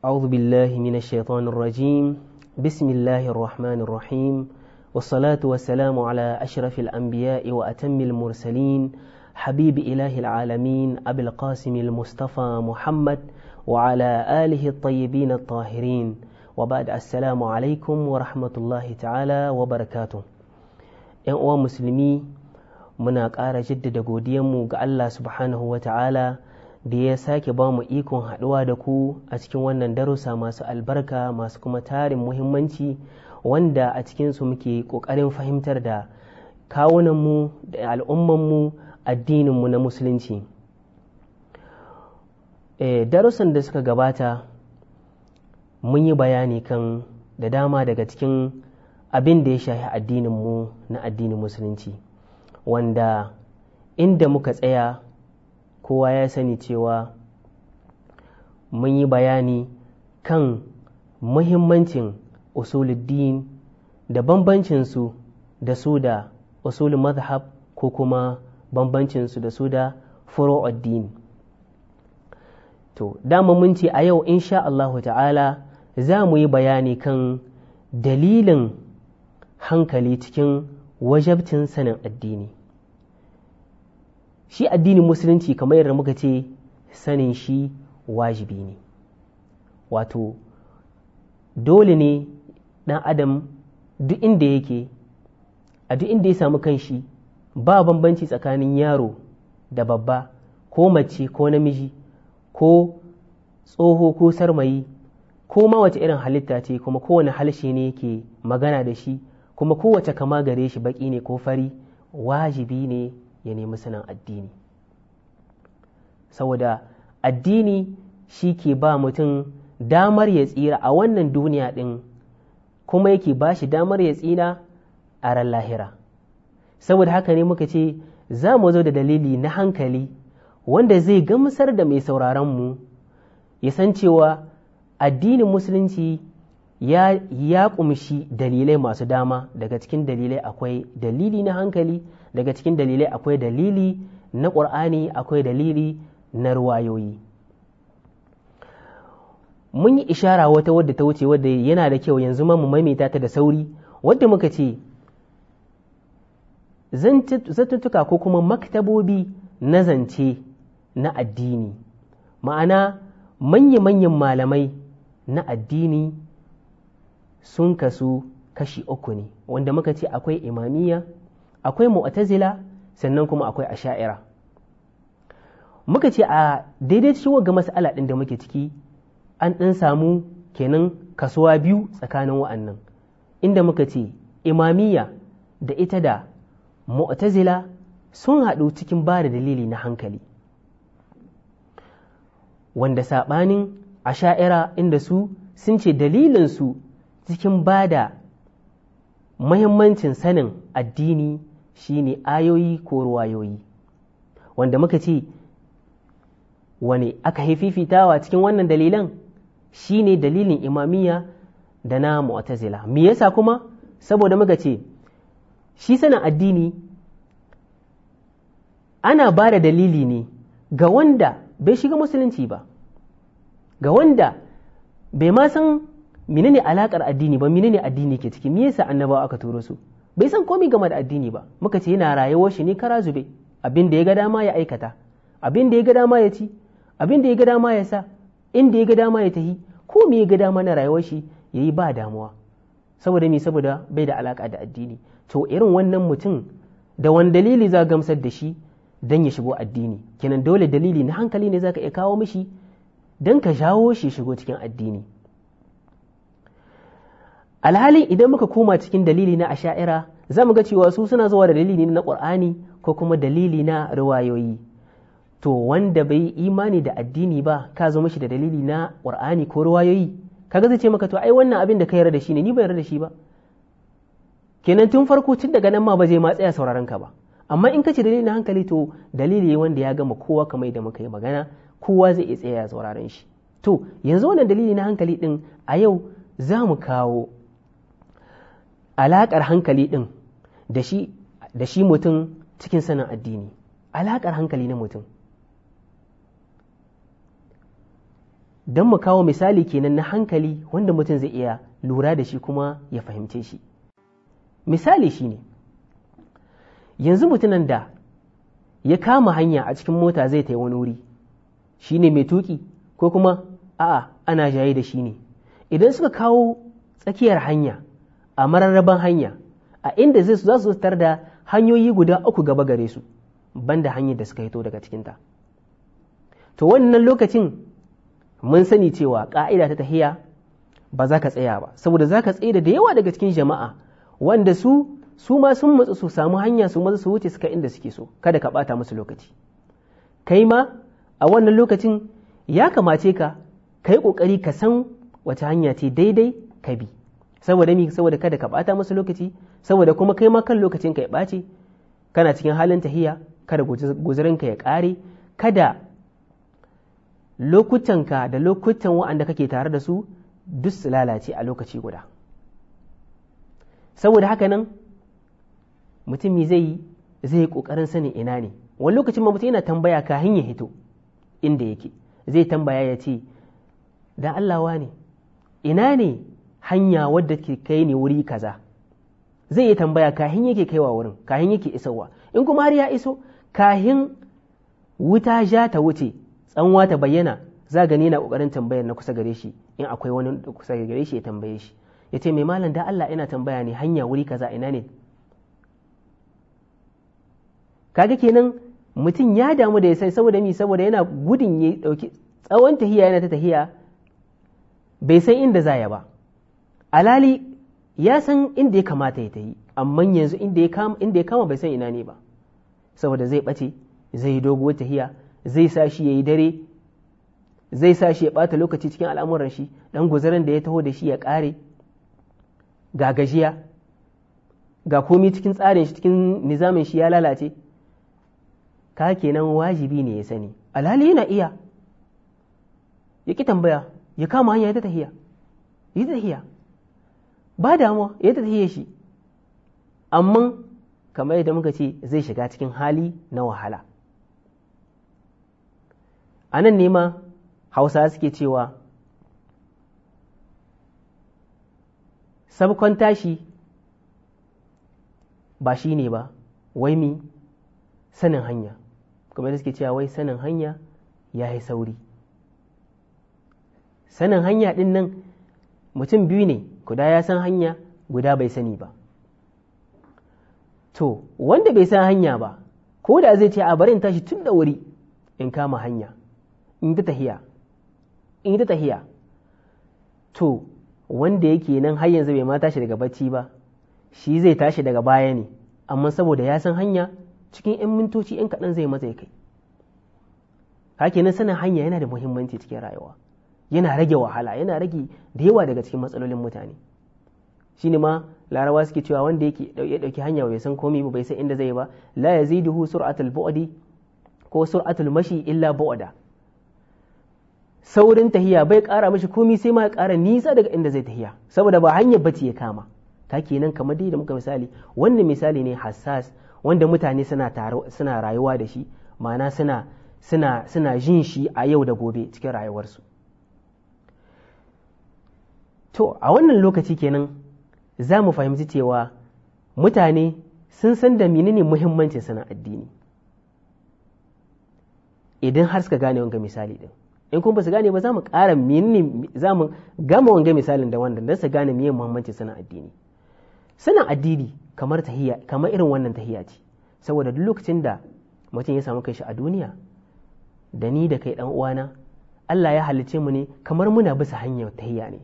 أعوذ بالله من الشيطان الرجيم بسم الله الرحمن الرحيم والصلاة والسلام على أشرف الأنبياء وأتم المرسلين حبيب إله العالمين أبي القاسم المصطفى محمد وعلى آله الطيبين الطاهرين وبعد السلام عليكم ورحمة الله تعالى وبركاته ‘Yan musulmi muna ƙara jaddada godiyanmu ga Allah subhanahu wa ta'ala da ya sake ba mu ikon haɗuwa da ku a cikin wannan darussa masu albarka masu kuma tarin muhimmanci wanda a cikinsu muke ƙoƙarin fahimtar da kawunanmu da al'ummanmu addininmu na musulunci e, darussan da suka gabata mun yi bayani kan da dama daga cikin abin da ya shahi addininmu na addinin musulunci wanda inda muka tsaya kowa ya sani cewa mun yi bayani kan muhimmancin usuluddin da bambancinsu da su da usulun mazhab ko kuma bambancinsu da su da furu'uddin to dama mun ce a yau insha Allahu ta'ala za mu yi bayani kan dalilin hankali cikin wajabcin sanin addini shi addinin musulunci kamar yadda muka ce sanin shi wajibi ne wato dole ne ɗan adam duk inda yake a duk inda ya samu kanshi ba bambanci tsakanin yaro da babba ko mace ko namiji ko tsoho ko sarmayi ko ma wace irin halitta ce kuma kowane halshe ne yake magana da shi kuma kowace kama gare shi baki ne ko fari wajibi ne ya nemi sanin addini saboda addini shi ke ba mutum damar ya tsira a wannan duniya ɗin kuma yake ba shi damar ya tsira a ran lahira saboda haka ne muka ce za mu zo da dalili na hankali wanda zai gamsar da mai sauraronmu ya san cewa addinin musulunci ya ƙumshi dalilai masu dama daga cikin dalilai akwai dalili na hankali daga cikin dalilai akwai dalili na ƙur'ani akwai dalili na ruwayoyi mun yi ishara wata wadda ta wuce wadda yana da kyau yanzu mu maimaita ta da sauri wadda muka ce zattutuka ko kuma maktabobi na zance na addini ma'ana manya-manyan malamai na addini sun kasu kashi uku ne wanda muka ce akwai imamiyya akwai mu'tazila sannan kuma akwai asha'ira muka ce a daidai ciwo ga mas'ala ɗin da muke ciki an ɗan samu kenan kasuwa biyu tsakanin wa'annan inda muka ce imamiya da ita da mu'tazila sun haɗu cikin ba da dalili na hankali wanda saɓanin asha'ira inda su sun ce dalilinsu cikin ba da mahimmancin sanin addini shine ayoyi ko ruwayoyi wanda muka ce wani aka fifitawa cikin wannan dalilan shine dalilin imamiyya da na mu'tazila me yasa kuma saboda muka ce shi sanin addini ana ba da dalili ne ga wanda bai shiga musulunci ba ga wanda bai ma san menene alakar addini ba menene addini ke ciki me yasa annabawa aka turo su bai san komai game da addini ba muka ce yana rayuwar shi ne kara zube abin da ya ga dama ya aikata abin da ya ga dama ya ci abin da ya ga dama ya sa inda ya ga dama ya tahi ko me ya ga dama na rayuwar shi yayi ba damuwa saboda me saboda bai da alaka da addini to irin wannan mutum da wani dalili za gamsar da shi dan ya shigo addini kenan dole dalili na hankali ne zaka iya kawo mishi dan ka jawo shi shigo cikin addini alhalin idan muka koma cikin dalili na asha'ira za mu ga cewa su suna zuwa da dalili na ƙur'ani ko kuma dalili na riwayoyi to wanda bai imani da addini ba ka zo mashi da dalili na ƙur'ani ko riwayoyi kaga zai ce maka to ai wannan abin da ka yarda da shi ne ni ban yarda da shi ba kenan tun farko tun daga nan ma ba zai ma tsaya sauraron ka ba amma in ka ci dalili na hankali to dalili wanda ya gama kowa kamar da muka yi magana kowa zai iya tsaya sauraron shi to yanzu wannan dalili na hankali din a yau za mu kawo alaƙar hankali ɗin da shi mutum cikin sanin addini alaƙar hankali na mutum don mu kawo misali kenan na hankali wanda mutum zai iya lura da shi kuma ya fahimce shi misali shi ne yanzu mutumin da ya kama hanya a cikin mota zai ta wani wuri shi ne mai tuki ko kuma a'a ana jaye da shi ne idan suka kawo tsakiyar hanya a mararraban hanya a inda zai su za su tar da hanyoyi guda uku gaba gare su banda hanyar da suka hito daga cikinta to wannan lokacin mun sani cewa ƙa'ida ta tahiya ba za ka tsaya ba saboda za ka tsaye da yawa daga cikin jama'a wanda su su ma sun matsu su samu hanya su matsu su wuce suka inda suke so kada ka ɓata musu lokaci kai ma a wannan lokacin ya kamace ka ka yi ƙoƙari ka san wace hanya ce daidai ka bi saboda mi saboda kada ka bata musu lokaci saboda kuma kai ma kan lokacin ka ya ɓace kana cikin halin tahiya kada guzurin ka ya kare kada lokutanka da lokutan wa'anda kake tare da su duk su lalace a lokaci guda saboda haka nan mutum zai yi zai kokarin sanin ina ne wani lokacin ma mutum yana tambaya kahin ya hito inda yake zai tambaya ya ce da Allah wa ne ina ne hanya wadda ke kai ne wuri kaza zai yi tambaya kahin yake kaiwa wurin kahin yake isowa in kuma har ya iso kahin wuta ja ta wuce tsanwa ta bayyana za gani na ƙoƙarin tambayar na kusa gare shi in akwai wani kusa gare shi ya tambaye shi ya ce mai malam da Allah ina tambaya ne hanya wuri kaza ina ne kaga kenan mutum ya damu da ya sai saboda mi saboda yana gudun ya dauki? tsawon tahiya yana ta tahiya bai san inda zaya ba alali ya san inda ya kamata ya ta yi amma yanzu inda ya kama bai san ina ne ba saboda zai ɓace zai dogo doguwar tahiya zai sa shi ya yi dare zai sa shi ya ɓata lokaci cikin al'amuran shi ɗan guzarin da ya taho da shi ya ƙare ga gajiya ga komi cikin tsarin shi cikin nizamin shi ya lalace ka kenan wajibi ne ya sani Alali yana iya ya ki tambaya ya kama hanya ya ta tahiya Ya yi tahiya ba damuwa ya tafiye shi amma kamar yadda muka ce zai shiga cikin hali na wahala a nan ne ma hausa suke cewa sabkon tashi ba shi ne ba wai mi sanin hanya kuma suke cewa wai sanin hanya ya yi sauri sanin hanya ɗin nan mutum biyu ne guda ya san hanya guda bai sani ba to wanda bai san hanya ba ko da zai ce a bari in tashi tun da wuri in kama hanya in ta tahiya in ta tahiya to wanda yake nan har yanzu bai ma tashi daga bacci ba shi zai tashi daga baya ne amma saboda ya san hanya cikin 'yan mintoci 'yan kaɗan zai matsa kai hakenan sanin hanya yana da muhimmanci cikin rayuwa yana rage wahala yana rage da yawa daga cikin matsalolin mutane ne ma larawa suke cewa wanda yake ya ɗauki hanya bai san komi ba bai san inda zai ba la ya zai duhu sur'atul bu'di ko sur'atul mashi illa bu'da saurin tahiya bai kara mashi komi sai ma ya kara nisa daga inda zai tahiya saboda ba hanya bace ya kama ta kenan kamar dai da muka misali wannan misali ne hassas wanda mutane suna suna rayuwa da shi ma'ana suna suna suna jin shi a yau da gobe cikin rayuwarsu to a wannan lokaci kenan za mu fahimci cewa mutane sun san da menene muhimmancin sana addini idan har suka gane wanga misali din in kuma ba su gane ba za mu ƙara menene za mu gama wanga misalin da wanda don su gane mini muhimmancin sana addini Sana addini kamar tahiyya kamar irin wannan tahiya ce saboda duk lokacin da mutum ya samu shi a duniya da ni da kai dan uwana Allah ya halicce mu ne kamar muna bisa hanyar tahiyya ne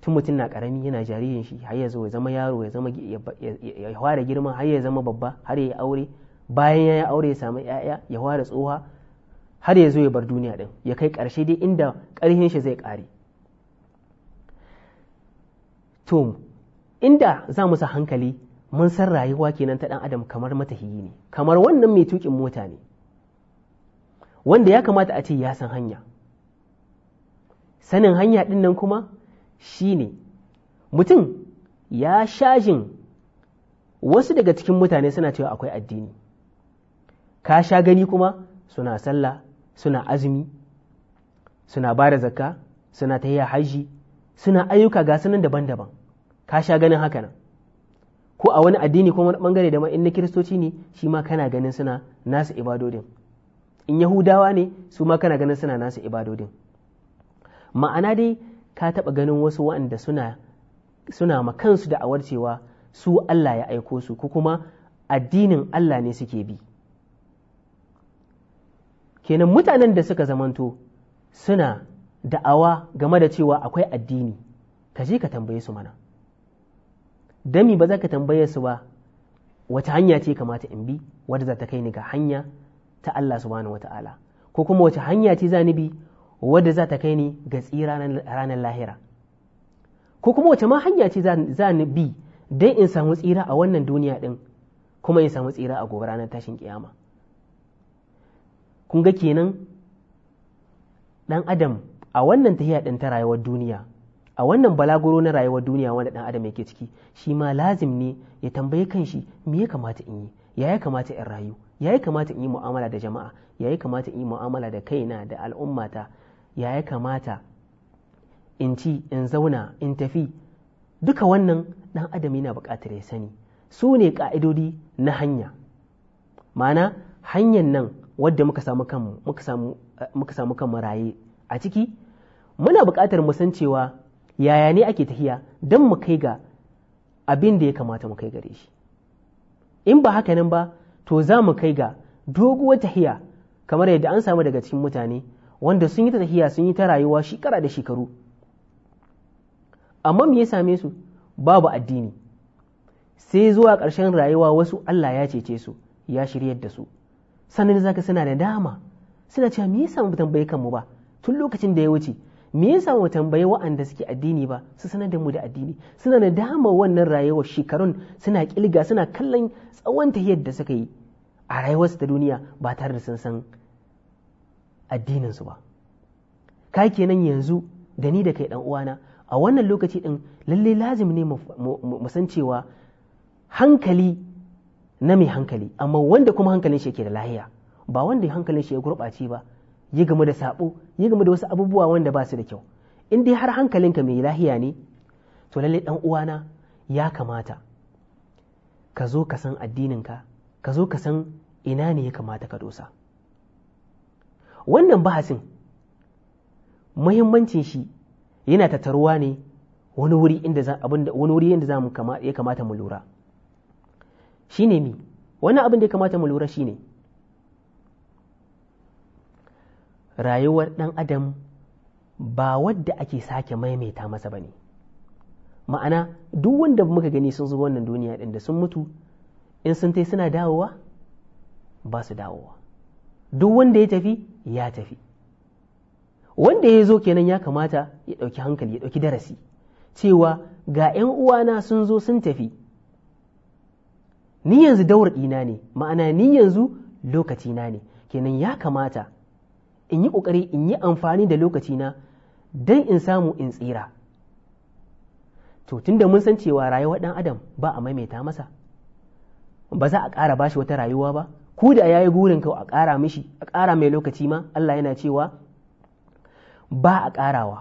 tun mutum na karami yana jaririn shi har ya zama yaro ya zama ya fara girma har ya zama babba har ya yi aure bayan ya yi aure ya samu ya'ya ya fara tsoha har ya zo ya bar duniya din ya kai karshe dai inda karhin shi zai kare to inda za mu sa hankali mun san rayuwa kenan ta dan adam kamar matahiyi ne kamar wannan mai tukin mota ne wanda ya kamata a ce ya san hanya sanin hanya din kuma shi ne mutum ya shajin wasu daga cikin mutane suna cewa akwai addini ka sha gani kuma suna sallah suna azumi suna ba da zakka suna ta yi haji suna ayyuka ga sunan daban-daban ka sha ganin haka nan ko a wani addini kuma bangare da ma in na kiristoci ne shi ma kana ganin suna nasu ibadodin in yahudawa ne su ma kana ganin suna nasu ibadodin ma'ana dai ka taɓa ganin wasu waɗanda suna ma kansu da awar cewa su Allah ya aiko su ko kuma addinin Allah ne suke bi kenan mutanen da suka zamanto suna da'awa game da cewa akwai addini ka je ka tambaye su mana dami ba za ka tambaye su ba wata hanya ce kamata in bi wadda za ta kai ni ga hanya ta Allah subhanahu wata'ala ko kuma wata hanya ce za ni bi wadda za ta kai ni ga tsira ranar lahira ko kuma wace ma hanya ce za ni bi don in samu tsira a wannan duniya ɗin kuma in samu tsira a gobe ranar tashin kiyama kun ga kenan ɗan adam a wannan tahiya ɗin ta rayuwar duniya a wannan balaguro na rayuwar duniya wanda ɗan adam yake ciki shi ma lazim ne ya tambaye kanshi me ya kamata in yi ya ya kamata in rayu ya ya kamata in yi mu'amala da jama'a ya ya kamata in yi mu'amala da kaina da al'ummata ya ya kamata in ci in zauna in tafi duka wannan ɗan adam yana buƙatar ya sani su ne ƙa'idodi na hanya ma'ana hanyar nan wadda muka samu kan eh, muka samu kanmu raye a ciki muna buƙatar mu san cewa yaya ne ake tahiya don mu kai ga abin da ya kamata mu kai gare shi in ba haka nan ba to za mu kai ga doguwar tahiya kamar yadda an samu daga cikin mutane wanda sun yi ta tahiya sun yi ta rayuwa shekara da shekaru amma me ya same su babu addini sai zuwa karshen rayuwa wasu Allah ya cece su ya shiryar da su sannan zaka suna da dama suna cewa me yasa mu tambaye kanmu ba tun lokacin da ya wuce me yasa mu tambaye wa'anda suke addini ba su sanar da mu da addini suna da dama wannan rayuwar shekarun suna kilga suna kallon tsawon tahiyar da suka yi a rayuwarsu ta duniya ba tare da sun san addininsu ba ka kenan yanzu da ni da kai ɗan uwana a wannan lokaci din lalle lazim ne mu san cewa hankali na mai hankali amma wanda kuma hankalin shi yake da lahiya ba wanda hankalin shi ya gurɓace ba ya gama da sabo ya gama da wasu abubuwa wanda ba su da kyau in dai har hankalinka mai lahiya ne to lalle ɗan uwana ya kamata ka zo ka san addininka ka zo ka san ina ne ya kamata ka dosa wannan bahasin muhimmancin shi yana tattaruwa ne wani wuri inda za abinda ya kamata mu lura shine mi wani abin da ya kamata mu lura shine rayuwar ɗan adam ba wadda ake sake maimaita masa ba ne. ma'ana duk wanda muka gani sun zo wannan duniya din da sun mutu in sun tai suna dawowa ba su dawowa duk wanda ya tafi ya tafi wanda ya zo kenan ya kamata ya ɗauki hankali ya ɗauki darasi cewa ga 'yan uwana sun zo sun tafi ni yanzu daura ɗina ne ma'ana ni yanzu lokacina ne kenan ya kamata in yi ƙoƙari in yi amfani da lokacina don in samu in tsira to tunda mun san cewa rayuwar ɗan adam ba a maimaita masa ba za a ƙara bashi wata rayuwa ba ko da ya yi burin kawai a ƙara mishi a ƙara mai lokaci ma Allah yana cewa ba a ƙarawa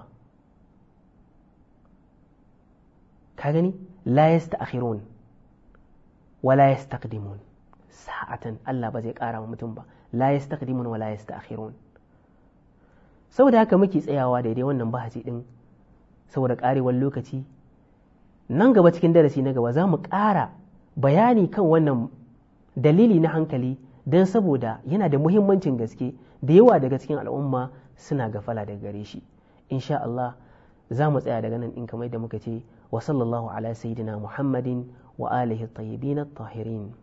ka gani la yasta'khirun wa la yastaqdimun sa'atan Allah ba zai ƙara wa mutum ba la yastaqdimun wa la yasta'khirun saboda haka muke tsayawa daidai wannan bahasi din saboda ƙarewar lokaci nan gaba cikin darasi na gaba za mu ƙara bayani kan wannan dalili na hankali don saboda yana da muhimmancin gaske da yawa daga cikin al'umma suna gafala daga gare shi insha Allah za mu tsaya daga nan in kamar da muka ce wa sallallahu ala sayyidina muhammadin wa alihi tayyibin tahirin